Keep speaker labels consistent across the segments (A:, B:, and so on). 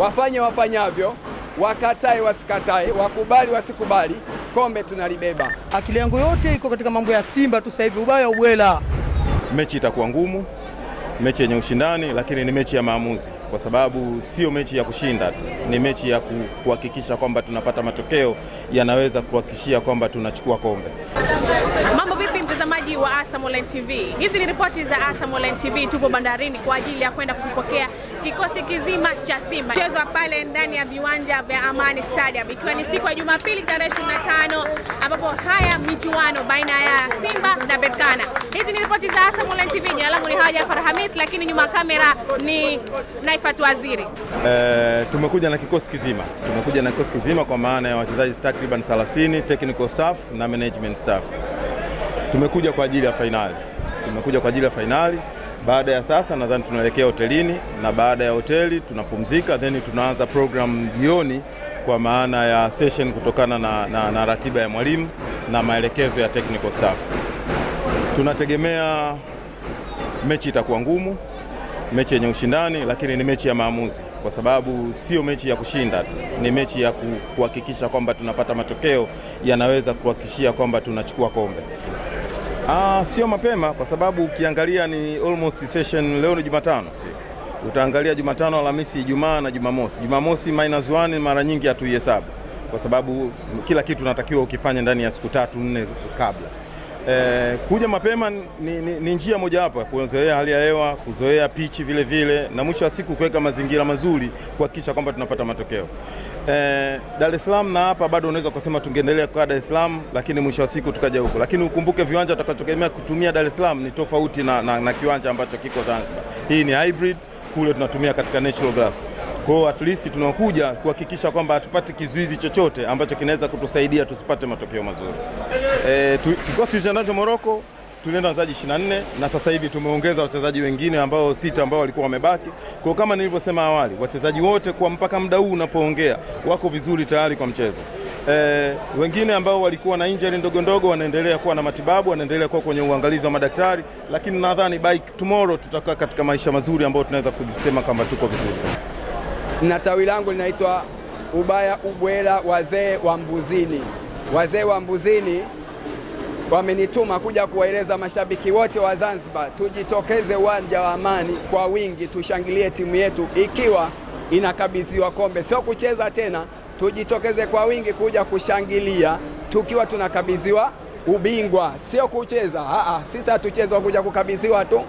A: wafanye wafanyavyo, wakatae wasikatae, wakubali wasikubali, kombe tunalibeba.
B: Akili yangu yote iko katika mambo ya Simba tu sasa hivi, ubaya ubwela.
C: Mechi itakuwa ngumu, mechi yenye ushindani, lakini ni mechi ya maamuzi, kwa sababu sio mechi ya kushinda tu, ni mechi ya kuhakikisha kwamba tunapata matokeo yanaweza kuhakikishia kwamba tunachukua kombe.
D: Mambo vipi, mtazamaji wa Asam Online TV? Hizi ni ripoti za Asam Online TV, tupo bandarini kwa ajili ya kwenda kupokea kikosi kizima cha Simba chezwa pale ndani ya viwanja vya Amani Stadium, ikiwa ni siku ya Jumapili tarehe 25 ambapo haya michuano baina ya Simba na Berkane. Hizi ni ripoti za Asam Online TV. Jina langu ni Hajafar Hamis, lakini nyuma kamera ni Naifat Waziri.
C: Eh, tumekuja na kikosi kizima, tumekuja na kikosi kizima kwa maana ya wachezaji takriban 30, technical staff na management staff. Tumekuja kwa ajili ya fainali, tumekuja kwa ajili ya fainali baada ya sasa nadhani tunaelekea hotelini na baada ya hoteli tunapumzika, then tunaanza program jioni kwa maana ya session kutokana na, na, na ratiba ya mwalimu na maelekezo ya technical staff. Tunategemea mechi itakuwa ngumu, mechi yenye ushindani, lakini ni mechi ya maamuzi, kwa sababu sio mechi ya kushinda tu, ni mechi ya kuhakikisha kwamba tunapata matokeo yanaweza kuhakikishia kwamba tunachukua kombe. Ah, sio mapema kwa sababu ukiangalia ni almost session. Leo ni Jumatano, sio? Utaangalia Jumatano, Alhamisi, Ijumaa na Jumamosi. Jumamosi minus 1 mara nyingi hatuihesabu kwa sababu kila kitu natakiwa ukifanya ndani ya siku tatu nne kabla Eh, kuja mapema ni, ni, ni njia mojawapo ya kuzoea hali ya hewa, kuzoea pichi vile vile, na mwisho wa siku kuweka mazingira mazuri kuhakikisha kwamba tunapata matokeo. Eh, Dar es Salaam na hapa bado unaweza kusema tungeendelea kwa Dar es Salaam, lakini mwisho wa siku tukaja huko, lakini ukumbuke viwanja tutakachotegemea kutumia Dar es Salaam ni tofauti na, na, na kiwanja ambacho kiko Zanzibar. Hii ni hybrid, kule tunatumia katika natural grass. Kwa at least tunakuja kuhakikisha kwamba hatupate kizuizi chochote ambacho kinaweza kutusaidia tusipate matokeo mazuri. E, kikosi tulichonacho Morocco tulienda wachezaji 24 na sasa hivi tumeongeza wachezaji wengine ambao sita ambao walikuwa wamebaki. Kwa kama nilivyosema awali, wachezaji wote kwa mpaka muda huu unapoongea wako vizuri tayari kwa mchezo. E, wengine ambao walikuwa na injury ndogo ndogo wanaendelea kuwa na matibabu, wanaendelea kuwa kwenye uangalizi wa madaktari, lakini nadhani by tomorrow tutakaa katika maisha mazuri ambayo tunaweza kusema kwamba tuko vizuri
A: na tawi langu linaitwa Ubaya Ubwela wazee wa Mbuzini. Wazee wa Mbuzini wamenituma kuja kuwaeleza mashabiki wote wa Zanzibar, tujitokeze uwanja wa Amani kwa wingi, tushangilie timu yetu ikiwa inakabidhiwa kombe, sio kucheza tena. Tujitokeze kwa wingi kuja kushangilia tukiwa tunakabidhiwa ubingwa, sio kucheza. Aa, ah, ah, sisi hatuchezwa kuja kukabidhiwa tu,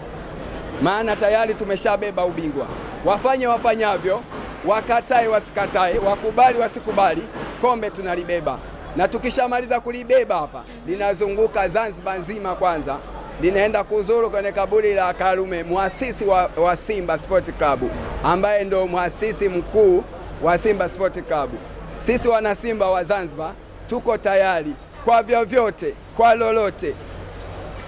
A: maana tayari tumeshabeba ubingwa. Wafanye wafanyavyo wakatae wasikatae, wakubali wasikubali, kombe tunalibeba, na tukishamaliza kulibeba hapa linazunguka Zanzibar nzima kwanza linaenda kuzuru kwenye kaburi la Karume, mwasisi wa, wa Simba Sport Club, ambaye ndo mwasisi mkuu wa Simba Sport Club. Sisi wana Simba wa Zanzibar tuko tayari kwa vyovyote, kwa lolote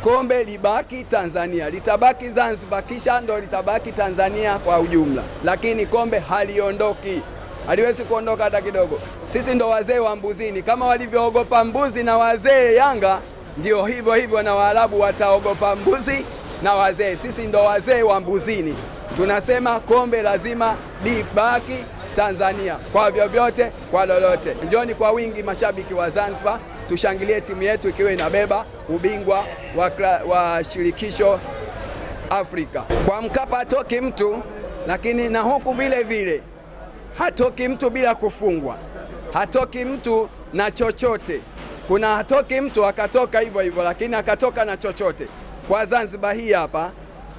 A: kombe libaki Tanzania, litabaki Zanzibar, kisha ndo litabaki Tanzania kwa ujumla, lakini kombe haliondoki, haliwezi kuondoka hata kidogo. Sisi ndo wazee wa mbuzini, kama walivyoogopa mbuzi na wazee Yanga, ndio hivyo hivyo na Waarabu wataogopa mbuzi na wazee. Sisi ndo wazee wa mbuzini, tunasema kombe lazima libaki Tanzania kwa vyovyote, kwa lolote. Njoni kwa wingi mashabiki wa Zanzibar tushangilie timu yetu ikiwa inabeba ubingwa wa, wa shirikisho Afrika. Kwa Mkapa hatoki mtu, lakini na huku vile vile hatoki mtu bila kufungwa, hatoki mtu na chochote. Kuna hatoki mtu akatoka hivyo hivyo, lakini akatoka na chochote. Kwa Zanzibar hii hapa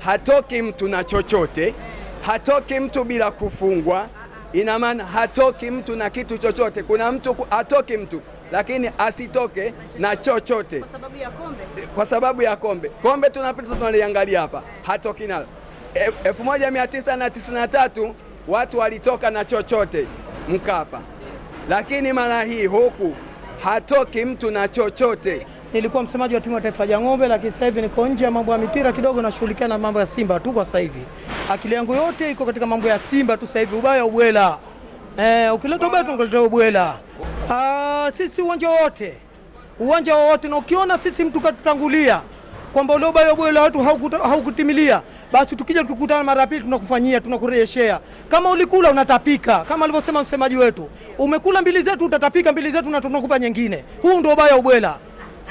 A: hatoki mtu na chochote, hatoki mtu bila kufungwa. Ina maana hatoki mtu na kitu chochote. Kuna mtu hatoki mtu lakini asitoke na chochote kwa
D: sababu ya kombe.
A: Kwa sababu ya kombe, kombe tunapita tunaliangalia hapa, hatoki nalo. 1993 e, watu walitoka na chochote Mkapa, lakini mara hii huku hatoki mtu na chochote.
B: Nilikuwa msemaji wa timu ya taifa ya Jang'ombe, lakini sasa hivi niko nje ya mambo ya mipira kidogo, nashughulikia na mambo ya Simba tu kwa sasa hivi. Akili yangu yote iko katika mambo ya Simba tu sasa hivi, ubaya ubwela. Eh, ukileta ubaya tungeleta ubwela. Ah, sisi uwanja wowote uwanja wowote, na ukiona sisi mtu katutangulia kwamba ule ubaya la watu haukutimilia basi, tukija tukikutana mara ya pili, tunakufanyia tunakurejeshea. Kama ulikula unatapika, kama alivyosema msemaji wetu, umekula mbili zetu utatapika mbili zetu na tunakupa nyingine. Huu ndio ubaya ubwela.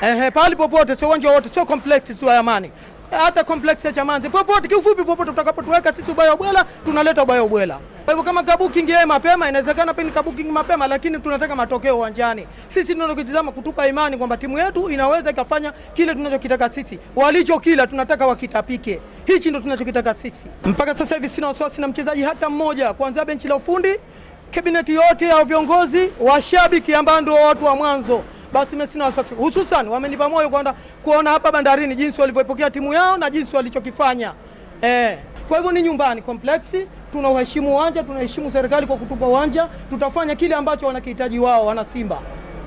B: Ehe, pahali popote, sio uwanja wote, sio complex, sio Amani hata complex ya Chamanzi popote, kiufupi, popote tutakapotuweka sisi ubaya ubwela, tunaleta ubaya ubwela. Kwa hivyo kama kabuking yeye mapema, inawezekana pia ni kabuking mapema, lakini tunataka matokeo uwanjani. Sisi tunachokitazama kutupa imani kwamba timu yetu inaweza ikafanya kile tunachokitaka sisi, walicho kila tunataka wakitapike. Hichi ndo tunachokitaka sisi. Mpaka sasa hivi sina wasiwasi na mchezaji hata mmoja, kuanzia benchi la ufundi, kabineti yote ya viongozi, washabiki ambao ndio watu wa mwanzo basi mimi sina wasiwasi, hususan wamenipa moyo kwenda kuona hapa bandarini jinsi walivyopokea timu yao na jinsi walichokifanya eh. Kwa hivyo ni nyumbani complex, tuna uheshimu uwanja, tunaheshimu serikali kwa kutupa uwanja. Tutafanya kile ambacho wanakihitaji wao wana Simba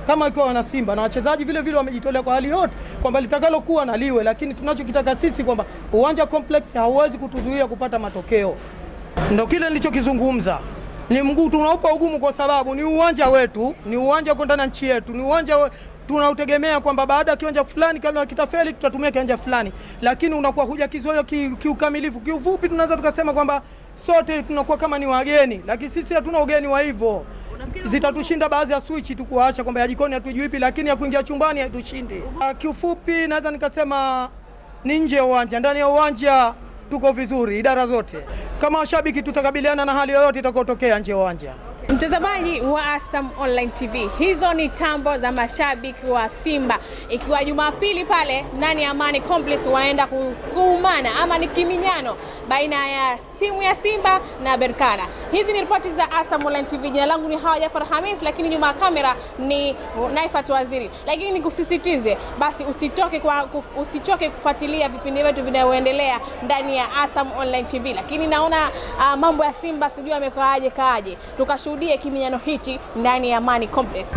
B: kama ikiwa wana Simba na wachezaji vile vile wamejitolea kwa hali yote kwamba litakalokuwa na liwe, lakini tunachokitaka sisi kwamba uwanja complex hauwezi kutuzuia kupata matokeo, ndio kile nilichokizungumza ni mguu tunaupa ugumu kwa sababu ni uwanja wetu, ni uwanja uko ndani ya nchi yetu, ni uwanja we tunautegemea kwamba baada ya kiwanja fulani kama kitafeli tutatumia kiwanja fulani, lakini unakuwa huja kizoyo kiukamilifu. Ki Kiufupi, tunaweza tukasema kwamba sote tunakuwa kama ni wageni, lakini sisi hatuna ugeni wa hivyo. Zitatushinda baadhi ya switch tu kuwasha kwamba ya jikoni hatujuipi, lakini ya kuingia chumbani haitushindi. Kiufupi, naweza nikasema ni nje ya uwanja, ndani ya uwanja tuko vizuri idara zote. Kama washabiki, tutakabiliana na hali yoyote itakayotokea nje ya uwanja.
D: Mtazamaji wa Asam Online TV, hizo ni tambo za mashabiki wa Simba, ikiwa Jumapili pale ndani ya Amani Complex wanaenda kuumana ama ni kiminyano baina ya timu ya Simba na Berkana. Hizi ni ripoti za Asam Online TV. Jina langu ni Hawa Jafar Hamis, lakini nyuma ya kamera ni Naifat Waziri. Lakini nikusisitize basi usitoke kwa, usichoke kufuatilia vipindi vyetu vinavyoendelea ndani ya Asam Online TV. Lakini naona uh, mambo ya Simba sijui amekaaje kaaje, tukashuhudia tushuhudie kiminyano hichi ndani ya Amani Complex.